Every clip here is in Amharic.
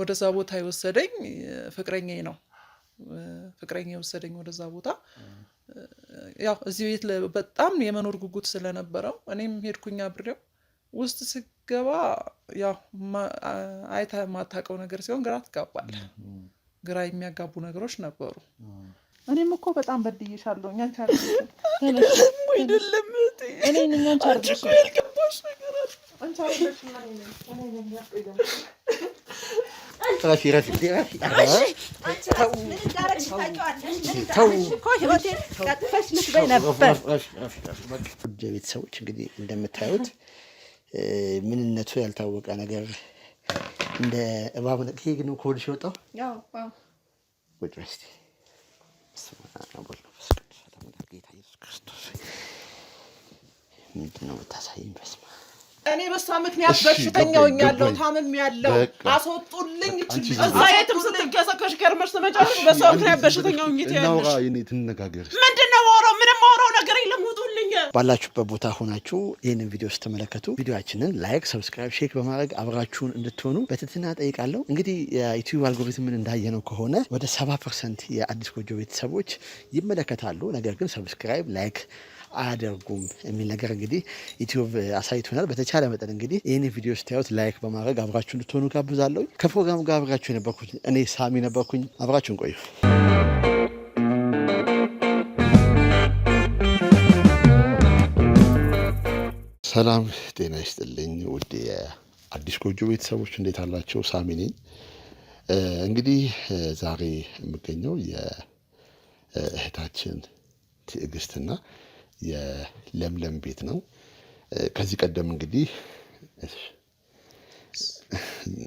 ወደዛ ቦታ የወሰደኝ ፍቅረኛ ነው። ፍቅረኛ የወሰደኝ ወደዛ ቦታ ያው እዚህ ቤት በጣም የመኖር ጉጉት ስለነበረው እኔም ሄድኩኝ አብሬው። ውስጥ ስገባ ያው አይተ የማታውቀው ነገር ሲሆን ግራ ትጋባል ግራ የሚያጋቡ ነገሮች ነበሩ። እኔም እኮ በጣም በድዬሻለሁ። እኛን እኛን ረፊ ረፊ ረፊ ቤተሰቦች እንግዲህ እንደምታዩት ምንነቱ ያልታወቀ ነገር እንደ እባብ ነው። ይሄ ግን ምንድን ነው የምታሳይኝ? እኔ በሷ ምክንያት በሽተኛ ሆኛለሁ፣ ታምም ያለው አስወጡልኝ። እዛ የትም ስትከሰከሽ ገርመሽ ትመጫለሽ። በሷ ምክንያት በሽተኛ ሆኜ ትነጋገር ምንድን ነው ወሮ ምንም ወረው ነገር የለም። ውጡልኝ። ባላችሁበት ቦታ ሆናችሁ ይህንን ቪዲዮ ስትመለከቱ ቪዲዮችንን ላይክ፣ ሰብስክራይብ፣ ሼክ በማድረግ አብራችሁን እንድትሆኑ በትህትና ጠይቃለሁ። እንግዲህ የዩቲዩብ አልጎሪትምን እንዳየነው ከሆነ ወደ ሰባ ፐርሰንት የአዲስ ጎጆ ቤተሰቦች ይመለከታሉ። ነገር ግን ሰብስክራይብ ላይክ አያደርጉም የሚል ነገር እንግዲህ ዩቲዩብ አሳይቶናል። በተቻለ መጠን እንግዲህ ይህን ቪዲዮ ስታዩት ላይክ በማድረግ አብራችሁ እንድትሆኑ ጋብዛለሁ። ከፕሮግራሙ ጋር አብራችሁ የነበርኩኝ እኔ ሳሚ ነበርኩኝ። አብራችሁን ቆዩ። ሰላም ጤና ይስጥልኝ ውድ የአዲስ ጎጆ ቤተሰቦች እንዴት አላቸው? ሳሚ ነኝ። እንግዲህ ዛሬ የምገኘው የእህታችን ትዕግስትና የለምለም ቤት ነው። ከዚህ ቀደም እንግዲህ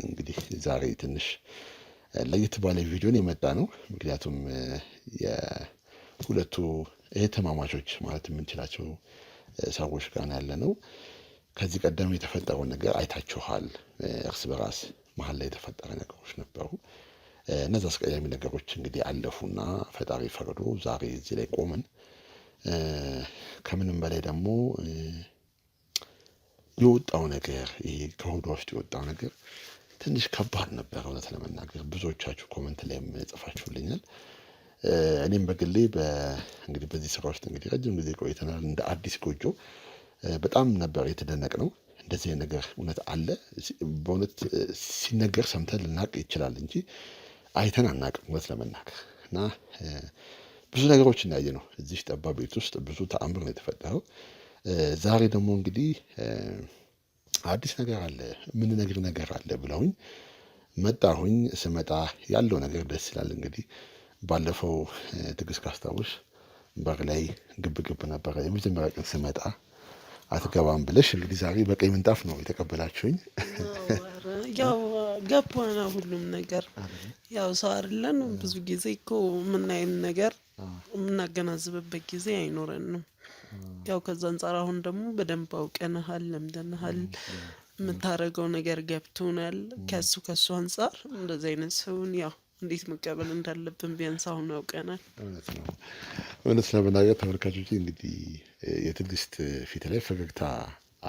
እንግዲህ ዛሬ ትንሽ ለየት ባለ ቪዲዮን የመጣ ነው። ምክንያቱም የሁለቱ እህትማማቾች ማለት የምንችላቸው ሰዎች ጋር ያለ ነው። ከዚህ ቀደም የተፈጠረውን ነገር አይታችኋል። እርስ በራስ መሀል ላይ የተፈጠረ ነገሮች ነበሩ። እነዛ አስቀያሚ ነገሮች እንግዲህ አለፉና ፈጣሪ ፈቅዶ ዛሬ እዚህ ላይ ቆመን ከምንም በላይ ደግሞ የወጣው ነገር ይሄ ከሆዷ ውስጥ የወጣው ነገር ትንሽ ከባድ ነበር። እውነት ለመናገር ብዙዎቻችሁ ኮመንት ላይ ጽፋችሁልኛል። እኔም በግሌ እንግዲህ በዚህ ስራ ውስጥ እንግዲህ ረጅም ጊዜ ቆይተናል። እንደ አዲስ ጎጆ በጣም ነበር ነው። እንደዚህ ነገር እውነት አለ። በእውነት ሲነገር ሰምተን ልናቅ ይችላል እንጂ አይተን አናቅም እውነት ለመናገር እና ብዙ ነገሮች እናየ ነው። እዚህ ጠባብ ቤት ውስጥ ብዙ ተአምር ነው የተፈጠረው። ዛሬ ደግሞ እንግዲህ አዲስ ነገር አለ የምንነግር ነገር አለ ብለውኝ መጣሁኝ። ስመጣ ያለው ነገር ደስ ይላል። እንግዲህ ባለፈው ትዕግስት ካስታውሽ በር ላይ ግብ ግብ ነበረ። የመጀመሪያ ቀን ስመጣ አትገባም ብለሽ እንግዲህ ዛሬ በቀይ ምንጣፍ ነው የተቀበላችሁኝ። ያው ገባና ሁሉም ነገር ያው ሰው አይደለን ብዙ ጊዜ እኮ ነገር የምናገናዝብበት ጊዜ አይኖረንም። ያው ከዛ አንጻር አሁን ደግሞ በደንብ አውቀንሃል፣ ለምደንሃል፣ የምታደረገው ነገር ገብቶናል። ከሱ ከሱ አንጻር እንደዚህ አይነት ሰውን ያው እንዴት መቀበል እንዳለብን ቢያንስ አሁን ያውቀናል። እውነት ለመናገር ተመልካቾች እንግዲህ የትግስት ፊት ላይ ፈገግታ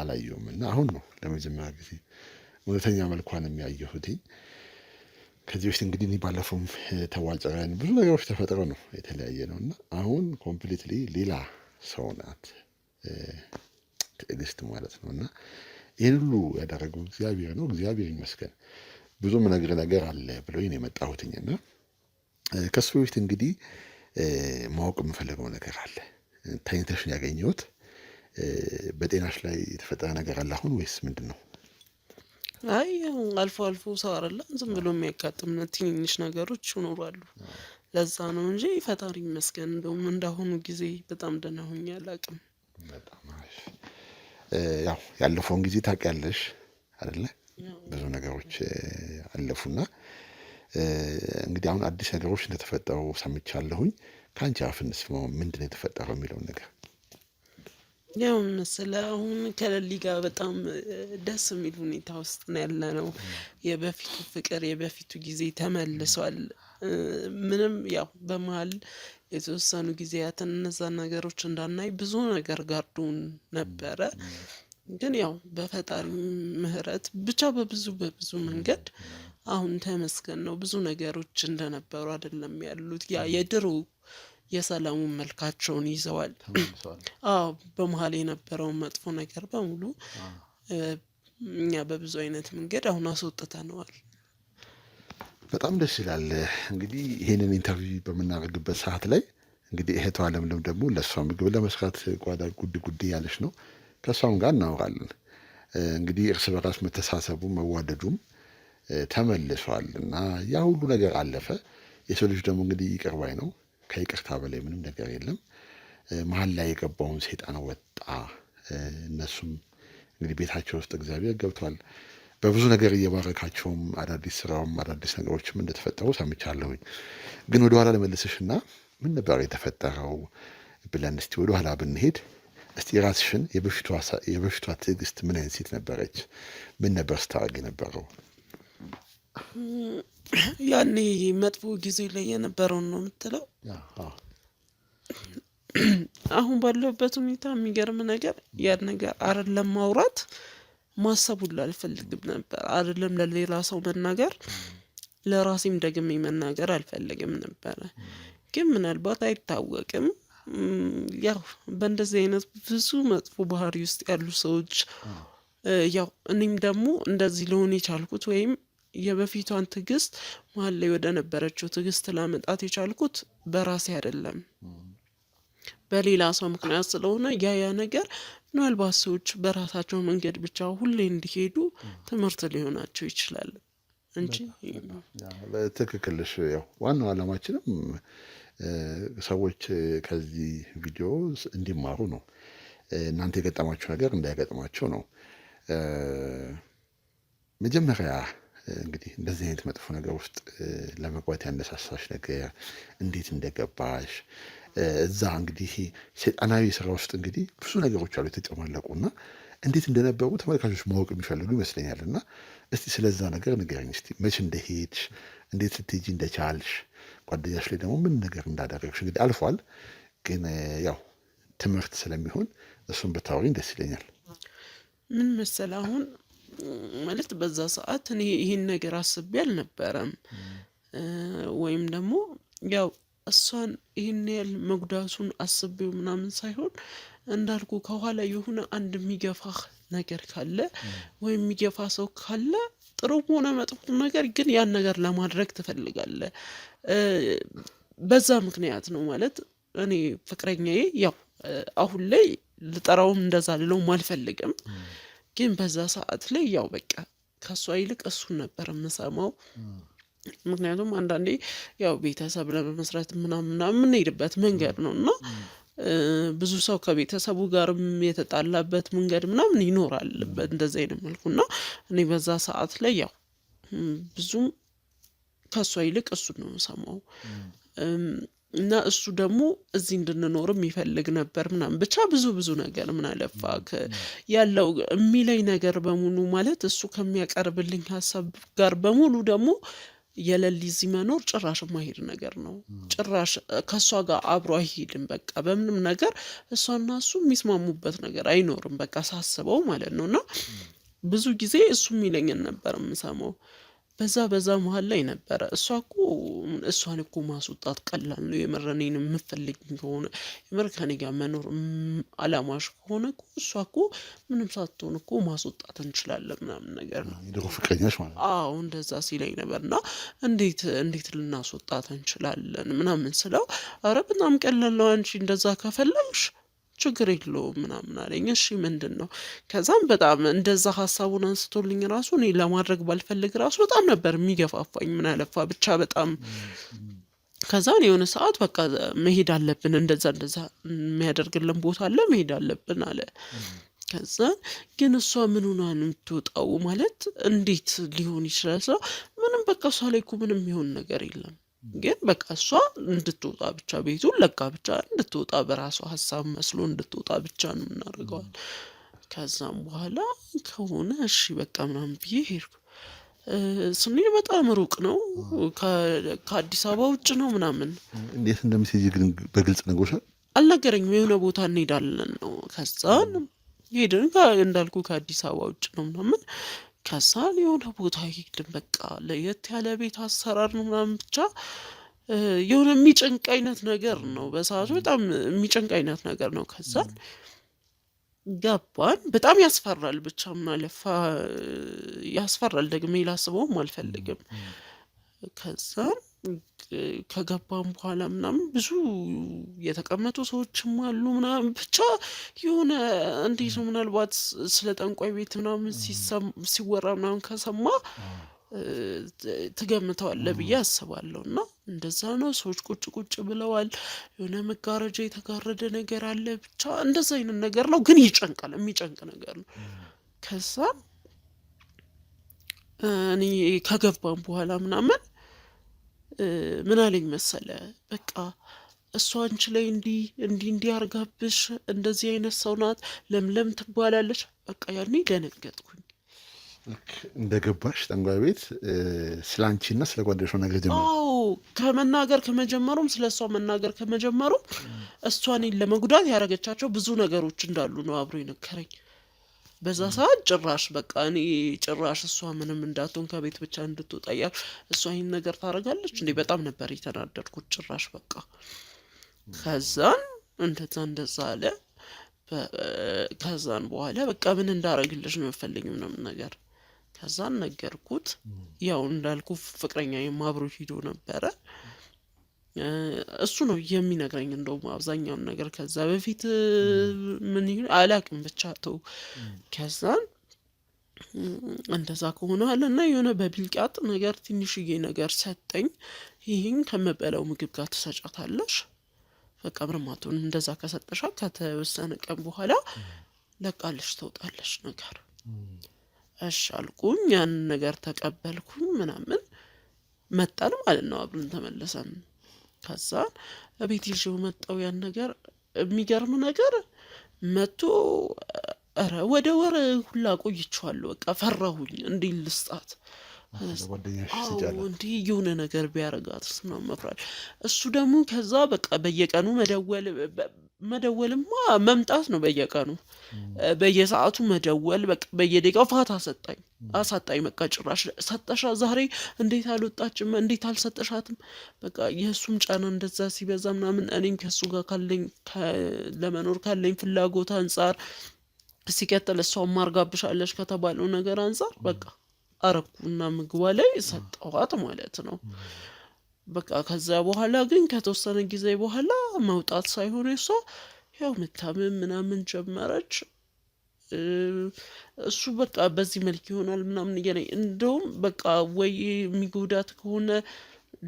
አላየውም እና አሁን ነው ለመጀመሪያ ጊዜ እውነተኛ መልኳን የሚያየሁትኝ። ከዚህ በፊት እንግዲህ ባለፈውም ብዙ ነገሮች ተፈጥረው ነው የተለያየ ነው እና አሁን ኮምፕሊትሊ ሌላ ሰው ናት ትዕግስት ማለት ነው። እና ይህን ሁሉ ያደረገው እግዚአብሔር ነው። እግዚአብሔር ይመስገን። ብዙ ምነግር ነገር አለ ብሎኝ ነው የመጣሁትኝ እና ከሱ በፊት እንግዲህ ማወቅ የምፈልገው ነገር አለ። ተኝተሽ ያገኘሁት በጤናሽ ላይ የተፈጠረ ነገር አለ አሁን ወይስ ምንድን ነው? አይ አልፎ አልፎ ሰው አይደለም ዝም ብሎ የሚያጋጥም ትንንሽ ነገሮች ይኖራሉ። ለዛ ነው እንጂ ፈጣሪ ይመስገን። እንደውም እንዳሁኑ ጊዜ በጣም ደህና ሆኜ አላውቅም። ያው ያለፈውን ጊዜ ታውቂያለሽ አይደለ? ብዙ ነገሮች አለፉና እንግዲህ አሁን አዲስ ነገሮች እንደተፈጠሩ ሰምቻለሁኝ። ከአንቺ አፍ ምንድን ነው የተፈጠረው የሚለውን ነገር ያው መሰለህ አሁን ከሌሊ ጋር በጣም ደስ የሚል ሁኔታ ውስጥ ነው ያለ ነው። የበፊቱ ፍቅር የበፊቱ ጊዜ ተመልሷል። ምንም ያው በመሀል የተወሰኑ ጊዜያትን እነዛን ነገሮች እንዳናይ ብዙ ነገር ጋርዶን ነበረ። ግን ያው በፈጣሪ ምሕረት ብቻ በብዙ በብዙ መንገድ አሁን ተመስገን ነው። ብዙ ነገሮች እንደነበሩ አይደለም ያሉት ያ የድሮ የሰላሙ መልካቸውን ይዘዋል። አዎ በመሀል የነበረውን መጥፎ ነገር በሙሉ እኛ በብዙ አይነት መንገድ አሁን አስወጥተነዋል። በጣም ደስ ይላል። እንግዲህ ይህንን ኢንተርቪው በምናደርግበት ሰዓት ላይ እንግዲህ እህቷ ለምለም ደግሞ ለእሷ ምግብ ለመስራት ጓዳ ጉድ ጉድ ያለች ነው። ከእሷም ጋር እናወራለን። እንግዲህ እርስ በራስ መተሳሰቡ መዋደዱም ተመልሷል እና ያ ሁሉ ነገር አለፈ። የሰው ልጅ ደግሞ እንግዲህ ይቅርባይ ነው። ከይቅርታ በላይ ምንም ነገር የለም። መሀል ላይ የገባውን ሰይጣን ወጣ። እነሱም እንግዲህ ቤታቸው ውስጥ እግዚአብሔር ገብቷል። በብዙ ነገር እየባረካቸውም አዳዲስ ስራውም አዳዲስ ነገሮችም እንደተፈጠሩ ሰምቻለሁኝ። ግን ወደኋላ ልመልስሽና ምን ነበር የተፈጠረው ብለን እስቲ ወደኋላ ብንሄድ እስቲ ራስሽን የበፊቷ ትዕግስት ምን አይነት ሴት ነበረች? ምን ነበር ስታረግ የነበረው? ያኔ መጥፎ ጊዜ ላይ የነበረውን ነው የምትለው። አሁን ባለበት ሁኔታ የሚገርም ነገር ያን ነገር አይደለም ማውራት ማሰቡን አልፈልግም ነበር፣ አይደለም ለሌላ ሰው መናገር ለራሴም ደግሜ መናገር አልፈልግም ነበረ። ግን ምናልባት አይታወቅም ያው በእንደዚህ አይነት ብዙ መጥፎ ባህሪ ውስጥ ያሉ ሰዎች ያው እኔም ደግሞ እንደዚህ ልሆን የቻልኩት ወይም የበፊቷን ትዕግስት መሀል ላይ ወደ ነበረችው ትዕግስት ላመጣት የቻልኩት በራሴ አይደለም፣ በሌላ ሰው ምክንያት ስለሆነ ያ ያ ነገር ምናልባት ሰዎች በራሳቸው መንገድ ብቻ ሁሌ እንዲሄዱ ትምህርት ሊሆናቸው ይችላል እንጂ ትክክልሽ። ያው ዋናው ዓላማችንም ሰዎች ከዚህ ቪዲዮ እንዲማሩ ነው። እናንተ የገጠማቸው ነገር እንዳይገጥማቸው ነው። መጀመሪያ እንግዲህ እንደዚህ አይነት መጥፎ ነገር ውስጥ ለመግባት ያነሳሳሽ ነገር እንዴት እንደገባሽ እዛ እንግዲህ ሰይጣናዊ ስራ ውስጥ እንግዲህ ብዙ ነገሮች አሉ የተጨማለቁ እና እንዴት እንደነበሩ ተመልካቾች ማወቅ የሚፈልጉ ይመስለኛል። እና እስቲ ስለዛ ነገር ንገረኝ እስቲ መቼ እንደሄድሽ፣ እንዴት ስትሄጂ እንደቻልሽ፣ ጓደኛሽ ላይ ደግሞ ምን ነገር እንዳደረግሽ። እንግዲህ አልፏል፣ ግን ያው ትምህርት ስለሚሆን እሱን ብታወሪኝ ደስ ይለኛል። ምን መሰለህ አሁን ማለት በዛ ሰዓት እኔ ይህን ነገር አስቤ አልነበረም። ወይም ደግሞ ያው እሷን ይህን ያህል መጉዳቱን አስቤው ምናምን ሳይሆን እንዳልኩ ከኋላ የሆነ አንድ የሚገፋህ ነገር ካለ ወይም የሚገፋ ሰው ካለ ጥሩ ሆነ መጥፎ ነገር ግን ያን ነገር ለማድረግ ትፈልጋለህ። በዛ ምክንያት ነው ማለት እኔ ፍቅረኛዬ ያው አሁን ላይ ልጠራውም እንደዛ ልለውም አልፈልግም። ግን በዛ ሰዓት ላይ ያው በቃ ከእሷ ይልቅ እሱን ነበር የምሰማው። ምክንያቱም አንዳንዴ ያው ቤተሰብ ለመመስረት ምናምን የምንሄድበት መንገድ ነው እና ብዙ ሰው ከቤተሰቡ ጋርም የተጣላበት መንገድ ምናምን ይኖራል እንደዚህ አይነት መልኩ እና እኔ በዛ ሰዓት ላይ ያው ብዙም ከእሷ ይልቅ እሱን ነው የምሰማው። እና እሱ ደግሞ እዚህ እንድንኖር የሚፈልግ ነበር ምናም ብቻ ብዙ ብዙ ነገር ምን ያለው የሚለኝ ነገር በሙሉ ማለት እሱ ከሚያቀርብልኝ ሀሳብ ጋር በሙሉ ደግሞ የለሊዚ መኖር ጭራሽ ማሄድ ነገር ነው። ጭራሽ ከእሷ ጋር አብሮ አይሄድም። በቃ በምንም ነገር እሷና እሱ የሚስማሙበት ነገር አይኖርም። በቃ ሳስበው ማለት ነው እና ብዙ ጊዜ እሱ የሚለኝን ነበር የምሰማው። በዛ በዛ መሀል ላይ ነበረ። እሷ እኮ እሷን እኮ ማስወጣት ቀላል ነው። የምር እኔን የምፈልግ ከሆነ የምር ከኔ ጋር መኖር አላማሽ ከሆነ እኮ እሷ እኮ ምንም ሳትሆን እኮ ማስወጣት እንችላለን ምናምን ነገር ነው። አዎ እንደዛ ሲለኝ ነበር። እና እንዴት እንዴት ልናስወጣት እንችላለን ምናምን ስለው፣ አረ በጣም ቀላል ነው አንቺ እንደዛ ከፈለግሽ ችግር የለውም ምናምን አለኝ። እሺ ምንድን ነው? ከዛም በጣም እንደዛ ሀሳቡን አንስቶልኝ ራሱ እኔ ለማድረግ ባልፈልግ ራሱ በጣም ነበር የሚገፋፋኝ። ምን አለፋ ብቻ በጣም ከዛን የሆነ ሰዓት በቃ መሄድ አለብን፣ እንደዛ እንደዛ የሚያደርግልን ቦታ አለ መሄድ አለብን አለ። ከዛ ግን እሷ ምን ሆና ነው የምትወጣው? ማለት እንዴት ሊሆን ይችላል? ምንም በቃ እሷ ላይ እኮ ምንም የሚሆን ነገር የለም ግን በቃ እሷ እንድትወጣ ብቻ ቤቱን ለቃ ብቻ እንድትወጣ በራሷ ሀሳብ መስሎ እንድትወጣ ብቻ ነው እናደርገዋል። ከዛም በኋላ ከሆነ እሺ በቃ ምናምን ብዬ ሄድኩ። ስንሄድ በጣም ሩቅ ነው፣ ከአዲስ አበባ ውጭ ነው ምናምን። እንዴት እንደሚሴጅ ግን በግልጽ ነግሮሻል? አልነገረኝም። የሆነ ቦታ እንሄዳለን ነው። ከዛን ሄድን እንዳልኩ ከአዲስ አበባ ውጭ ነው ምናምን ከዛ የሆነ ቦታ ሄድን። በቃ ለየት ያለ ቤት አሰራር ነው ምናምን ብቻ የሆነ የሚጭንቅ አይነት ነገር ነው። በሰዓቱ በጣም የሚጭንቅ አይነት ነገር ነው። ከዛን ገባን። በጣም ያስፈራል። ብቻ ምናለፋ ያስፈራል። ደግሜ ላስበውም አልፈልግም። ከዛን ከገባም በኋላ ምናምን ብዙ የተቀመጡ ሰዎችም አሉ ምናምን ብቻ የሆነ እንዴት ነው ምናልባት ስለ ጠንቋይ ቤት ምናምን ሲወራ ምናምን ከሰማ ትገምተዋለ ብዬ አስባለሁ። እና እንደዛ ነው። ሰዎች ቁጭ ቁጭ ብለዋል። የሆነ መጋረጃ የተጋረደ ነገር አለ። ብቻ እንደዛ አይነት ነገር ነው፣ ግን ይጨንቃል። የሚጨንቅ ነገር ነው። ከዛ እኔ ከገባም በኋላ ምናምን ምን አለኝ መሰለ፣ በቃ እሷ አንቺ ላይ እንዲህ እንዲህ እንዲህ አርጋብሽ እንደዚህ አይነት ሰው ናት ለምለም ትባላለች። በቃ ያኔ ደነገጥኩኝ። እንደገባሽ ጠንቋይ ቤት ስለ አንቺና ስለ ጓደሽ ነገር ጀመ ከመናገር ከመጀመሩም ስለ እሷ መናገር ከመጀመሩም እሷ እኔን ለመጉዳት ያደረገቻቸው ብዙ ነገሮች እንዳሉ ነው አብሮ የነገረኝ። በዛ ሰዓት ጭራሽ በቃ እኔ ጭራሽ እሷ ምንም እንዳትሆን ከቤት ብቻ እንድትወጣ እያል እሷ ይህን ነገር ታደርጋለች እንዴ? በጣም ነበር የተናደድኩት። ጭራሽ በቃ ከዛን እንደዛ እንደዛ አለ። ከዛን በኋላ በቃ ምን እንዳረግልሽ ነው የምፈልጊው ምንም ነገር ከዛን ነገርኩት። ያው እንዳልኩ ፍቅረኛ የማብሮ ሂዶ ነበረ እሱ ነው የሚነግረኝ። እንደውም አብዛኛውን ነገር ከዛ በፊት ምን ይሁን አላቅም ብቻ ተው። ከዛን እንደዛ ከሆነ አለ እና የሆነ በብልቃጥ ነገር ትንሽዬ ነገር ሰጠኝ። ይህን ከመበለው ምግብ ጋር ትሰጫታለሽ በቃ ብርማቱን እንደዛ ከሰጠሻ ከተወሰነ ቀን በኋላ ለቃለሽ ተውጣለሽ ነገር እሽ አልኩኝ። ያንን ነገር ተቀበልኩኝ ምናምን መጣን ማለት ነው አብረን ተመለሰን። ከዛ እቤት ይዤው መጣው ያን ነገር። የሚገርም ነገር መቶ ኧረ ወደ ወር ሁላ ቆይቼዋለሁ። በቃ ፈራሁኝ፣ እንዲህ ልስጣት እንዲህ የሆነ ነገር ቢያረጋትስ ነው መፍራት። እሱ ደግሞ ከዛ በቃ በየቀኑ መደወል መደወልማ መምጣት ነው በየቀኑ በየሰዓቱ መደወል በቃ በየደቂቃው አሰጣኝ አሳጣኝ። በቃ ጭራሽ ሰጠሻ ዛሬ እንዴት አልወጣችም እንዴት አልሰጠሻትም? በቃ የእሱም ጫና እንደዛ ሲበዛ ምናምን እኔም ከእሱ ጋር ካለኝ ለመኖር ካለኝ ፍላጎት አንጻር ሲቀጥል እሷም ማርጋብሻለች ከተባለው ነገር አንጻር በቃ አረኩና ምግቧ ላይ ሰጠዋት ማለት ነው። በቃ ከዛ በኋላ ግን ከተወሰነ ጊዜ በኋላ መውጣት ሳይሆን የሷ ያው መታመም ምናምን ጀመረች። እሱ በቃ በዚህ መልክ ይሆናል ምናምን እያለኝ እንደውም በቃ ወይ የሚጎዳት ከሆነ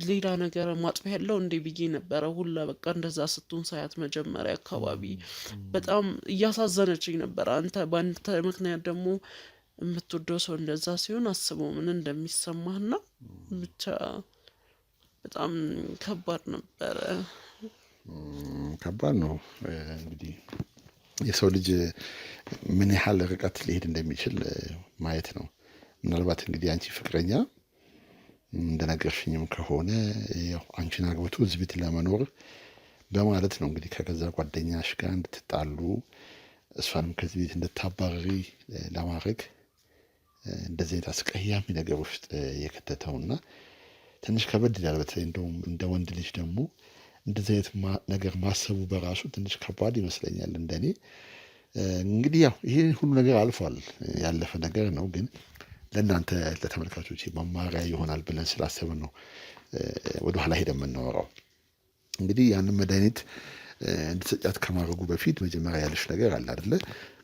ሌላ ነገር ማጥፊያ ያለው እንዴ ብዬ ነበረ ሁላ በቃ እንደዛ ስትሆን ሳያት መጀመሪያ አካባቢ በጣም እያሳዘነችኝ ነበረ። አንተ በአንተ ምክንያት ደግሞ የምትወደው ሰው እንደዛ ሲሆን አስበው ምን እንደሚሰማህና ብቻ በጣም ከባድ ነበረ። ከባድ ነው። እንግዲህ የሰው ልጅ ምን ያህል ርቀት ሊሄድ እንደሚችል ማየት ነው። ምናልባት እንግዲህ አንቺ ፍቅረኛ እንደነገርሽኝም ከሆነ ያው አንቺን አግብቶ እዚህ ቤት ለመኖር በማለት ነው እንግዲህ ከገዛ ጓደኛሽ ጋር እንድትጣሉ እሷንም ከዚህ ቤት እንድታባረሪ ለማድረግ እንደዚህ አይነት አስቀያሚ ነገር ውስጥ የከተተውና ትንሽ ከበድ ይላል። በተለይ እንደውም እንደ ወንድ ልጅ ደግሞ እንደዚህ አይነት ነገር ማሰቡ በራሱ ትንሽ ከባድ ይመስለኛል እንደኔ። እንግዲህ ያው ይሄ ሁሉ ነገር አልፏል ያለፈ ነገር ነው። ግን ለእናንተ ለተመልካቾች መማሪያ ይሆናል ብለን ስላሰብን ነው ወደኋላ ሄደ የምናወራው። እንግዲህ ያንን መድኃኒት እንድትሰጫት ከማድረጉ በፊት መጀመሪያ ያለሽ ነገር አለ አይደለ?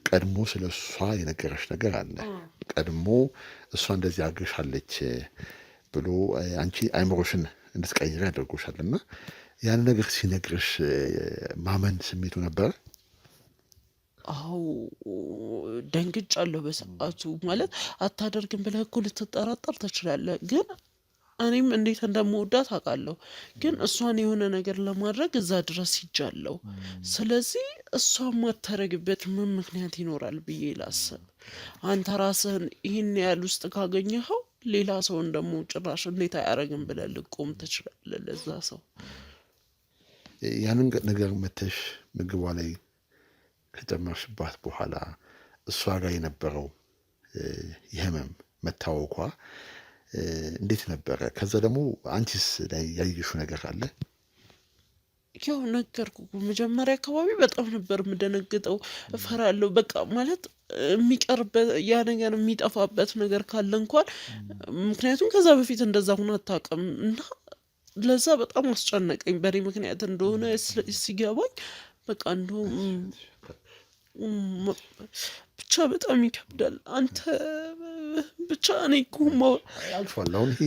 ቀድሞ ስለ እሷ የነገረሽ ነገር አለ። ቀድሞ እሷ እንደዚህ አገሻለች ብሎ አንቺ አይምሮሽን እንድትቀይር ያደርጎሻል እና ያን ነገር ሲነግርሽ ማመን ስሜቱ ነበረ? አው ደንግጫለሁ። በሰዓቱ ማለት አታደርግም ብለህ እኮ ልትጠራጠር ትችላለህ፣ ግን እኔም እንዴት እንደምወዳት አውቃለሁ። ግን እሷን የሆነ ነገር ለማድረግ እዛ ድረስ ሂጃለሁ። ስለዚህ እሷ ማታረግበት ምን ምክንያት ይኖራል ብዬ ላስብ። አንተ ራስህን ይህን ያህል ውስጥ ካገኘኸው ሌላ ሰውን ደግሞ ጭራሽ እንዴት አያረግም ብለህ ልቆም ትችላለህ ለዛ ሰው ያንን ነገር መተሽ ምግቧ ላይ ከጨመርሽባት በኋላ እሷ ጋር የነበረው የህመም መታወኳ እንዴት ነበረ? ከዛ ደግሞ አንቺስ ላይ ያየሹ ነገር አለ? ያው ነገርኩ። መጀመሪያ አካባቢ በጣም ነበር የምደነግጠው፣ እፈራለሁ። በቃ ማለት የሚቀርበት ያ ነገር የሚጠፋበት ነገር ካለ እንኳን ምክንያቱም ከዛ በፊት እንደዛ ሁን አታውቅም እና ለዛ በጣም አስጨነቀኝ። በእኔ ምክንያት እንደሆነ ሲገባኝ በቃ እንደውም ብቻ በጣም ይከብዳል። አንተ ብቻ እኔ ኩማ አልፏል። አሁን ይሄ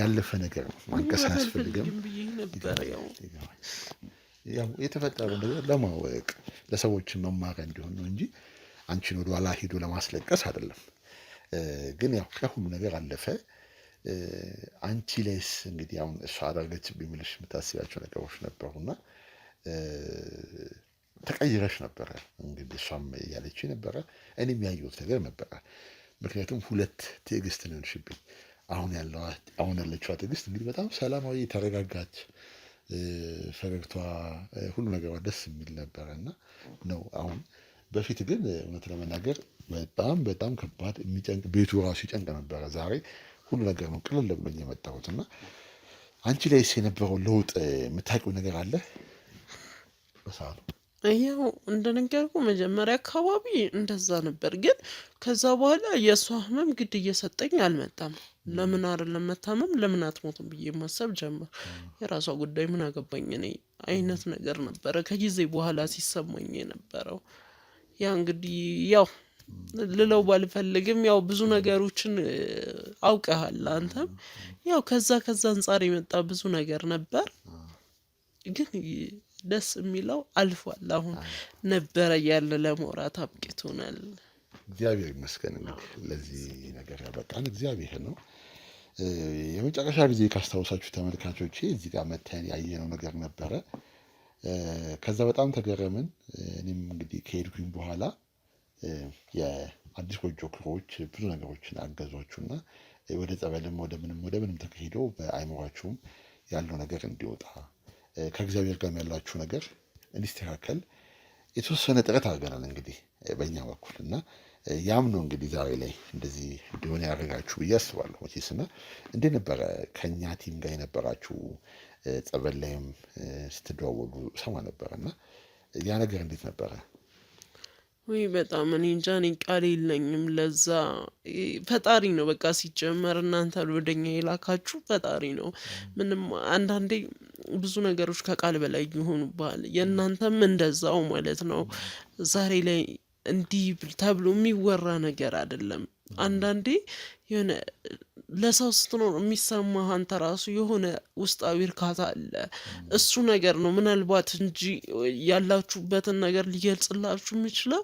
ያለፈ ነገር ነው። ማንቀስ አያስፈልግም ነበረ ያው የተፈጠረው ነገር ለማወቅ ለሰዎችን መማሪያ እንዲሆን ነው እንጂ አንቺን ወደኋላ ሂዶ ለማስለቀስ አይደለም። ግን ያው ከሁሉ ነገር አለፈ። አንቺ ላይስ እንግዲህ አሁን እሱ አደረገችብኝ የሚልሽ የምታስቢያቸው ነገሮች ነበሩና ተቀይረሽ ነበረ። እንግዲህ እሷም እያለች ነበረ፣ እኔም ያየሁት ነገር ነበረ። ምክንያቱም ሁለት ትዕግስት ነው አሁን አሁን ያለችዋ ትዕግስት እንግዲህ በጣም ሰላማዊ የተረጋጋች ፈገግቷ፣ ሁሉ ነገሯ ደስ የሚል ነበረ እና ነው አሁን በፊት ግን እውነት ለመናገር በጣም በጣም ከባድ የሚጨንቅ ቤቱ ራሱ ይጨንቅ ነበረ ዛሬ ሁሉ ነገር ነው ቅልል ብሎኝ የመጣሁት እና አንቺ ስ የነበረው ለውጥ የምታውቂው ነገር አለ? በሰዓቱ ያው እንደነገርኩ መጀመሪያ አካባቢ እንደዛ ነበር፣ ግን ከዛ በኋላ የእሷ ህመም ግድ እየሰጠኝ አልመጣም። ለምን አይደለም መታመም ለምን አትሞትም ብዬ ማሰብ ጀመር። የራሷ ጉዳይ ምን አገባኝ እኔ አይነት ነገር ነበረ ከጊዜ በኋላ ሲሰማኝ የነበረው ያ እንግዲህ ያው ልለው ባልፈልግም ያው ብዙ ነገሮችን አውቀሃል አንተም ያው ከዛ ከዛ አንጻር የመጣ ብዙ ነገር ነበር። ግን ደስ የሚለው አልፏል። አሁን ነበረ ያለ ለመውራት አብቅቶናል። እግዚአብሔር ይመስገን እንግዲህ ለዚህ ነገር ያበቃን እግዚአብሔር ነው። የመጨረሻ ጊዜ ካስታወሳችሁ ተመልካቾች እዚህ ጋር መተን ያየነው ነገር ነበረ። ከዛ በጣም ተገረምን። እኔም እንግዲህ ከሄድኩኝ በኋላ የአዲስ ጎጆ ክሮች ብዙ ነገሮችን አገዟችሁ እና ወደ ጸበልም ወደ ምንም ወደ ምንም ተካሂዶ በአይምሯችሁም ያለው ነገር እንዲወጣ ከእግዚአብሔር ጋርም ያላችሁ ነገር እንዲስተካከል የተወሰነ ጥረት አድርገናል እንግዲህ በእኛ በኩል እና ያም ነው እንግዲህ ዛሬ ላይ እንደዚህ እንዲሆን ያደረጋችሁ ብዬ አስባለሁ። መቼስ እና እንዴት ነበረ ከእኛ ቲም ጋር የነበራችሁ ጸበል ላይም ስትደዋወሉ ሰማ ነበረ እና ያ ነገር እንዴት ነበረ? ወይ በጣም እኔ እንጃ፣ እኔ ቃል የለኝም። ለዛ ፈጣሪ ነው በቃ። ሲጀመር እናንተ ወደኛ የላካችሁ ፈጣሪ ነው። ምንም አንዳንዴ ብዙ ነገሮች ከቃል በላይ ይሆኑብሃል። የእናንተም እንደዛው ማለት ነው። ዛሬ ላይ እንዲህ ተብሎ የሚወራ ነገር አይደለም። አንዳንዴ የሆነ ለሰው ስትኖር የሚሰማህ አንተ ራሱ የሆነ ውስጣዊ እርካታ አለ። እሱ ነገር ነው ምናልባት እንጂ ያላችሁበትን ነገር ሊገልጽላችሁ የሚችለው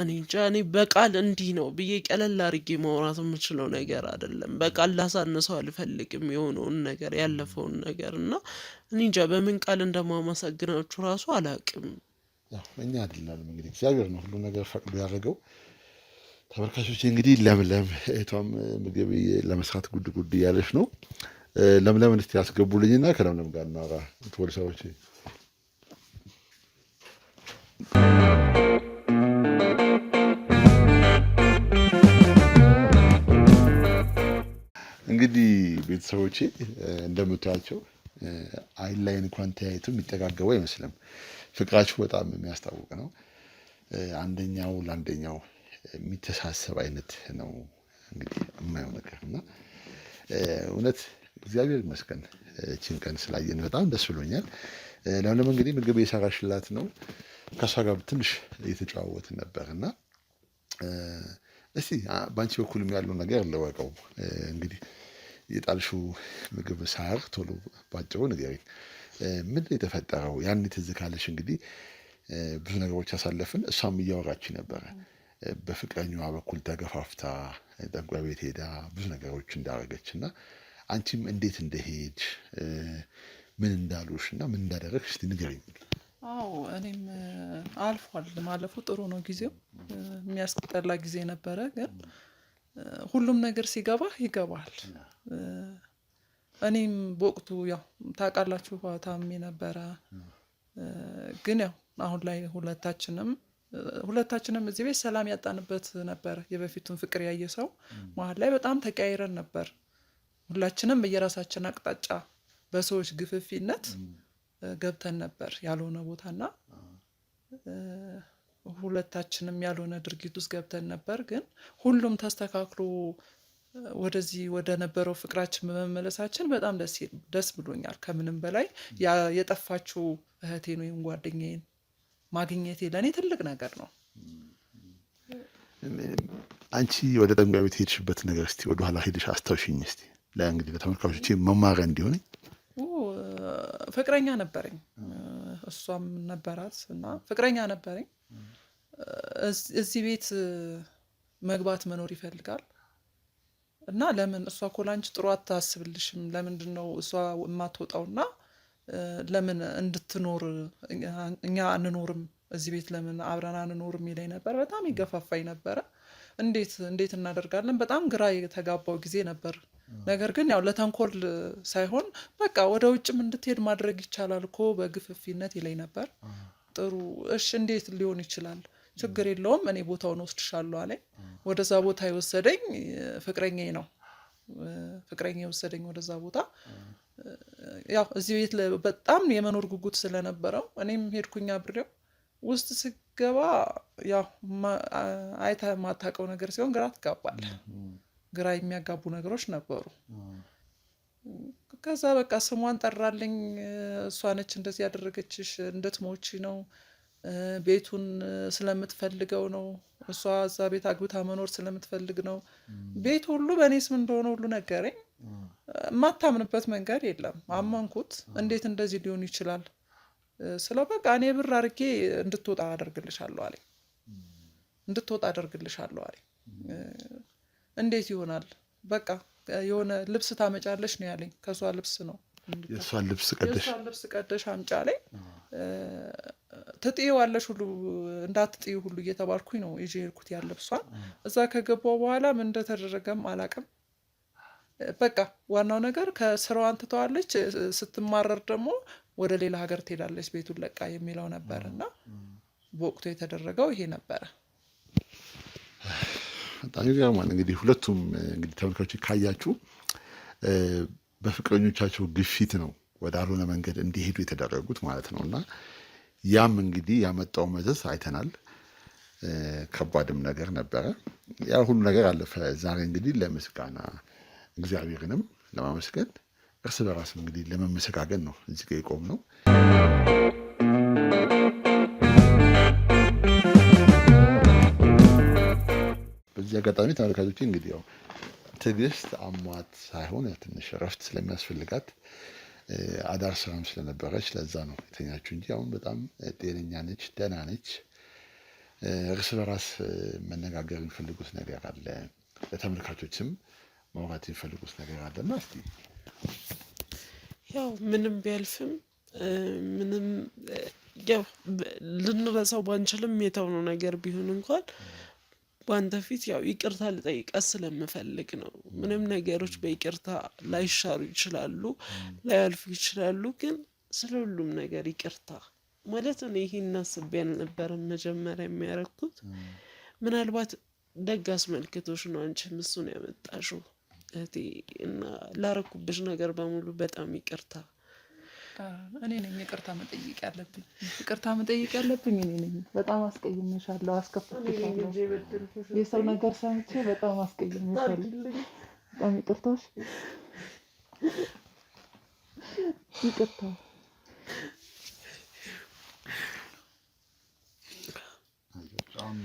እኔ እንጃ። እኔ በቃል እንዲህ ነው ብዬ ቀለል አድርጌ ማውራት የምችለው ነገር አይደለም። በቃል ላሳንሰው አልፈልግም የሆነውን ነገር ያለፈውን ነገር እና እኔ እንጃ በምን ቃል እንደማመሰግናችሁ ራሱ አላቅም። እኛ አይደለም እንግዲህ እግዚአብሔር ነው ሁሉ ነገር ፈቅዶ ያደረገው። ተመልካቾች እንግዲህ ለምለም እህቷም ምግብ ለመስራት ጉድ ጉድ እያለች ነው። ለምለም እስኪ ያስገቡልኝና ከለምለም ጋር እናውራ ፖሊሳዎች። እንግዲህ ቤተሰቦቼ እንደምታያቸው አይን ላይን እንኳን ተያይቶ የሚጠጋገቡ አይመስልም። ፍቅራችሁ በጣም የሚያስታውቅ ነው። አንደኛው ለአንደኛው የሚተሳሰብ አይነት ነው እንግዲህ የማየው ነገር እና እውነት እግዚአብሔር ይመስገን ይህችን ቀን ስላየን በጣም ደስ ብሎኛል። ለምለም እንግዲህ ምግብ የሰራሽላት ነው። ከእሷ ጋር ትንሽ እየተጨዋወትን ነበር እና እስቲ በአንቺ በኩልም ያለው ነገር ለወቀው እንግዲህ የጣልሹ ምግብ ሳር ቶሎ ባጭሩ ንገሪኝ። ምንድን የተፈጠረው? ያን ትዝ ካለሽ እንግዲህ ብዙ ነገሮች ያሳለፍን እሷም እያወራች ነበረ በፍቅረኛዋ በኩል ተገፋፍታ ጠንቋይ ቤት ሄዳ ብዙ ነገሮች እንዳደረገች እና አንቺም እንዴት እንደሄድ ምን እንዳሉሽ እና ምን እንዳደረግሽ እስቲ ንገሪኝ። አዎ እኔም አልፏል። ማለፉ ጥሩ ነው። ጊዜው የሚያስጠላ ጊዜ ነበረ፣ ግን ሁሉም ነገር ሲገባ ይገባል። እኔም በወቅቱ ያው ታውቃላችሁ ታሜ ነበረ፣ ግን ያው አሁን ላይ ሁለታችንም ሁለታችንም እዚህ ቤት ሰላም ያጣንበት ነበር። የበፊቱን ፍቅር ያየ ሰው መሀል ላይ በጣም ተቀያይረን ነበር። ሁላችንም በየራሳችን አቅጣጫ በሰዎች ግፍፊነት ገብተን ነበር ያልሆነ ቦታና ሁለታችንም ያልሆነ ድርጊት ውስጥ ገብተን ነበር። ግን ሁሉም ተስተካክሎ ወደዚህ ወደ ነበረው ፍቅራችን በመመለሳችን በጣም ደስ ብሎኛል። ከምንም በላይ የጠፋችው እህቴን ወይም ጓደኛዬን ማግኘቴ ለእኔ ትልቅ ነገር ነው። አንቺ ወደ ጠንቋይ ቤት ሄድሽበት ነገር እስቲ ወደኋላ ሄድሽ አስታውሽኝ እስቲ። ለእንግዲህ ለተመልካቾች መማሪያ እንዲሆነኝ ፍቅረኛ ነበረኝ፣ እሷም ነበራት እና ፍቅረኛ ነበረኝ። እዚህ ቤት መግባት መኖር ይፈልጋል እና ለምን እሷ እኮ ጥሩ አታስብልሽም፣ ለምንድን ነው እሷ የማትወጣውና ለምን እንድትኖር እኛ አንኖርም እዚህ ቤት ለምን አብረን አንኖርም ይለኝ ነበር። በጣም ይገፋፋኝ ነበረ። እንዴት እንዴት እናደርጋለን? በጣም ግራ የተጋባው ጊዜ ነበር። ነገር ግን ያው ለተንኮል ሳይሆን በቃ ወደ ውጭም እንድትሄድ ማድረግ ይቻላል እኮ በግፍፊነት ይለኝ ነበር። ጥሩ እሽ፣ እንዴት ሊሆን ይችላል? ችግር የለውም እኔ ቦታውን ወስድሻለሁ አለኝ። ወደዛ ቦታ የወሰደኝ ፍቅረኛ ነው። ፍቅረኛ የወሰደኝ ወደዛ ቦታ ያው እዚህ ቤት በጣም የመኖር ጉጉት ስለነበረው እኔም ሄድኩኝ አብሬው። ውስጥ ስገባ ያው አይተ የማታውቀው ነገር ሲሆን ግራ ትጋባል ግራ የሚያጋቡ ነገሮች ነበሩ። ከዛ በቃ ስሟን ጠራልኝ። እሷ ነች እንደዚህ ያደረገችሽ፣ እንደትሞቺ ነው፣ ቤቱን ስለምትፈልገው ነው፣ እሷ እዛ ቤት አግብታ መኖር ስለምትፈልግ ነው፣ ቤት ሁሉ በእኔ ስም እንደሆነ ሁሉ ነገረኝ። የማታምንበት መንገድ የለም። አመንኩት። እንዴት እንደዚህ ሊሆን ይችላል ስለው በቃ እኔ ብር አድርጌ እንድትወጣ አደርግልሻለሁ አለኝ። እንድትወጣ አደርግልሻለሁ አለኝ። እንዴት ይሆናል? በቃ የሆነ ልብስ ታመጫለሽ ነው ያለኝ። ከእሷ ልብስ ነው የእሷን ልብስ ቀደሽ ልብስ ቀደሽ አምጪ አለኝ። ትጥዪዋለሽ ሁሉ እንዳትጥይ ሁሉ እየተባልኩኝ ነው ይዤ ሄድኩት ያለብሷን። እዛ ከገባሁ በኋላ ምን እንደተደረገም አላውቅም። በቃ ዋናው ነገር ከስራዋን ትተዋለች። ስትማረር ደግሞ ወደ ሌላ ሀገር ትሄዳለች ቤቱን ለቃ የሚለው ነበር እና በወቅቱ የተደረገው ይሄ ነበረ። በጣም ይገርማል። እንግዲህ ሁለቱም እንግዲህ ተመልካቾች ካያችሁ በፍቅረኞቻቸው ግፊት ነው ወደ አልሆነ መንገድ እንዲሄዱ የተደረጉት ማለት ነው እና ያም እንግዲህ ያመጣው መዘዝ አይተናል። ከባድም ነገር ነበረ። ያ ሁሉ ነገር አለፈ። ዛሬ እንግዲህ ለምስጋና እግዚአብሔርንም ለማመስገን እርስ በራስ እንግዲህ ለመመሰጋገን ነው እዚህ ጋ የቆም ነው። በዚህ አጋጣሚ ተመልካቾች እንግዲህ ያው ትዕግስት አሟት ሳይሆን ትንሽ እረፍት ስለሚያስፈልጋት አዳር ስራም ስለነበረች ለዛ ነው የተኛችው እንጂ አሁን በጣም ጤነኛ ነች፣ ደህና ነች። እርስ በራስ መነጋገር የሚፈልጉት ነገር አለ። ለተመልካቾችም ማውራት የፈለጉት ነገር አለና እስቲ ያው ምንም ቢያልፍም ምንም ያው ልንረሳው ባንችልም የተውነው ነገር ቢሆን እንኳን በአንተ ፊት ያው ይቅርታ ልጠይቀት ስለምፈልግ ነው። ምንም ነገሮች በይቅርታ ላይሻሩ ይችላሉ፣ ላያልፉ ይችላሉ። ግን ስለ ሁሉም ነገር ይቅርታ ማለት ነው። ይሄን አስቤ አልነበረም መጀመሪያ የሚያረግኩት ምናልባት ደግ አስመልክቶች ነው አንቺም እሱን ያመጣሽው እህቴ እና ላረኩብሽ ነገር በሙሉ በጣም ይቅርታ። እኔ ነኝ ይቅርታ መጠየቅ ያለብኝ ይቅርታ መጠየቅ ያለብኝ እኔ ነኝ። በጣም አስቀይሜሻለሁ፣ አስከፍቼሻለሁ። የሰው ነገር ሰምቼ በጣም አስቀይሜሻለሁ። በጣም ይቅርታሽ፣ ይቅርታ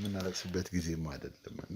ምናለቅስበት ጊዜም አይደለም እና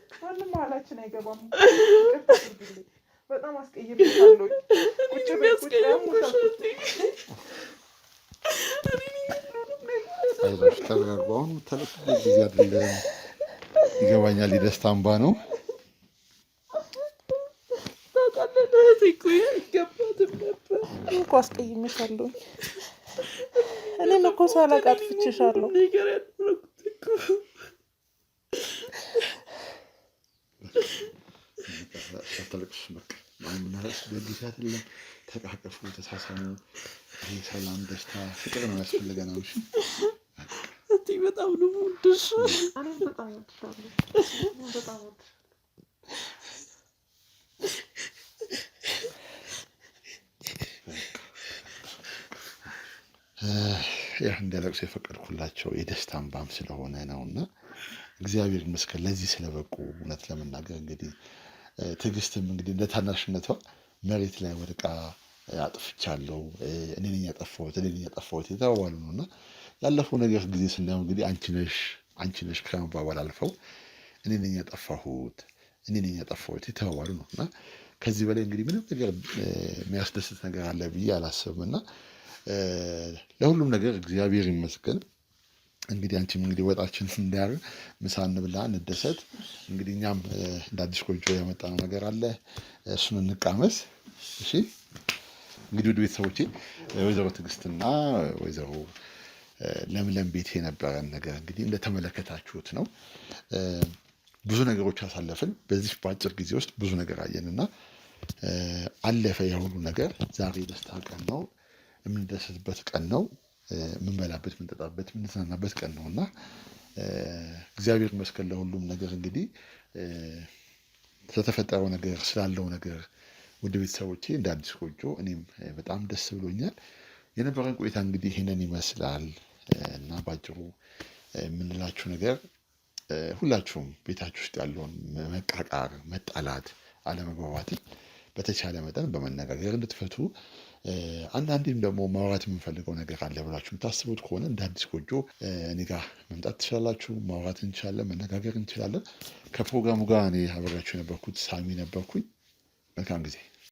ማንም መሀላችን አይገባም። በጣም አስቀይሜሻለሁ። ቁጭ አይዞሽ ተረጋጉ። አሁን ጊዜ አይደለም። ይገባኛል። የደስታ እንባ ነው። አስቀይሜሻለሁ። እኔም እኮ ሳላውቅ አጥፍቼሻለሁ። አታልቅስ፣ በቃ አሁን የምናለቅስበት ጊዜ አይደለም። ተቃቀፉ፣ ተሳሳሙ። ይሄ ሰላም፣ ደስታ፣ ፍቅር ነው ያስፈልገናል። እሺ እቲ በጣም ነው የምወድሽ። ያህ እንዲያለቅሱ የፈቀድኩላቸው የደስታ እንባም ስለሆነ ነው እና እግዚአብሔር ይመስገን ለዚህ ስለበቁ እውነት ለመናገር እንግዲህ ትዕግስትም እንግዲህ እንደ ታናሽነቷ መሬት ላይ ወድቃ አጥፍቻለሁ፣ እኔ ነኝ ያጠፋሁት፣ እኔ ነኝ ያጠፋሁት የተባባሉ ነው እና ያለፈው ነገር ጊዜ ስናየው እንግዲህ አንቺ ነሽ አንቺ ነሽ ከመባባል አልፈው እኔ ነኝ ያጠፋሁት፣ እኔ ነኝ ያጠፋሁት የተባባሉ ነው እና ከዚህ በላይ እንግዲህ ምንም ነገር የሚያስደስት ነገር አለ ብዬ አላስብም እና ለሁሉም ነገር እግዚአብሔር ይመስገን። እንግዲህ አንቺም እንግዲህ ወጣችን እንዲያር ምሳ እንብላ እንደሰት። እንግዲህ እኛም እንደ አዲስ ጎጆ ነው ነገር አለ፣ እሱን እንቃመስ። እሺ እንግዲህ ውድ ቤተሰቦቼ ወይዘሮ ትዕግስትና ወይዘሮ ለምለም ቤት የነበረን ነገር እንግዲህ እንደተመለከታችሁት ነው። ብዙ ነገሮች አሳለፍን። በዚህ በአጭር ጊዜ ውስጥ ብዙ ነገር አየንና አለፈ የሁሉ ነገር። ዛሬ ደስታ ቀን ነው፣ የምንደሰትበት ቀን ነው። የምንበላበት የምንጠጣበት የምንዝናናበት ቀን ነው እና እግዚአብሔር ይመስገን ለሁሉም ነገር እንግዲህ ስለተፈጠረው ነገር ስላለው ነገር ውድ ቤተሰቦቼ እንደ አዲስ ጎጆ እኔም በጣም ደስ ብሎኛል። የነበረን ቆይታ እንግዲህ ይህንን ይመስላል እና ባጭሩ የምንላችሁ ነገር ሁላችሁም ቤታችሁ ውስጥ ያለውን መቃቃር፣ መጣላት፣ አለመግባባትን በተቻለ መጠን በመነጋገር እንድትፈቱ አንዳንዴም ደግሞ ማውራት የምንፈልገው ነገር አለ ብላችሁ የምታስቡት ከሆነ እንደ አዲስ ጎጆ እኔ ጋር መምጣት ትችላላችሁ። ማውራት እንችላለን፣ መነጋገር እንችላለን። ከፕሮግራሙ ጋር እኔ አብሬያችሁ የነበርኩት ሳሚ ነበርኩኝ። መልካም ጊዜ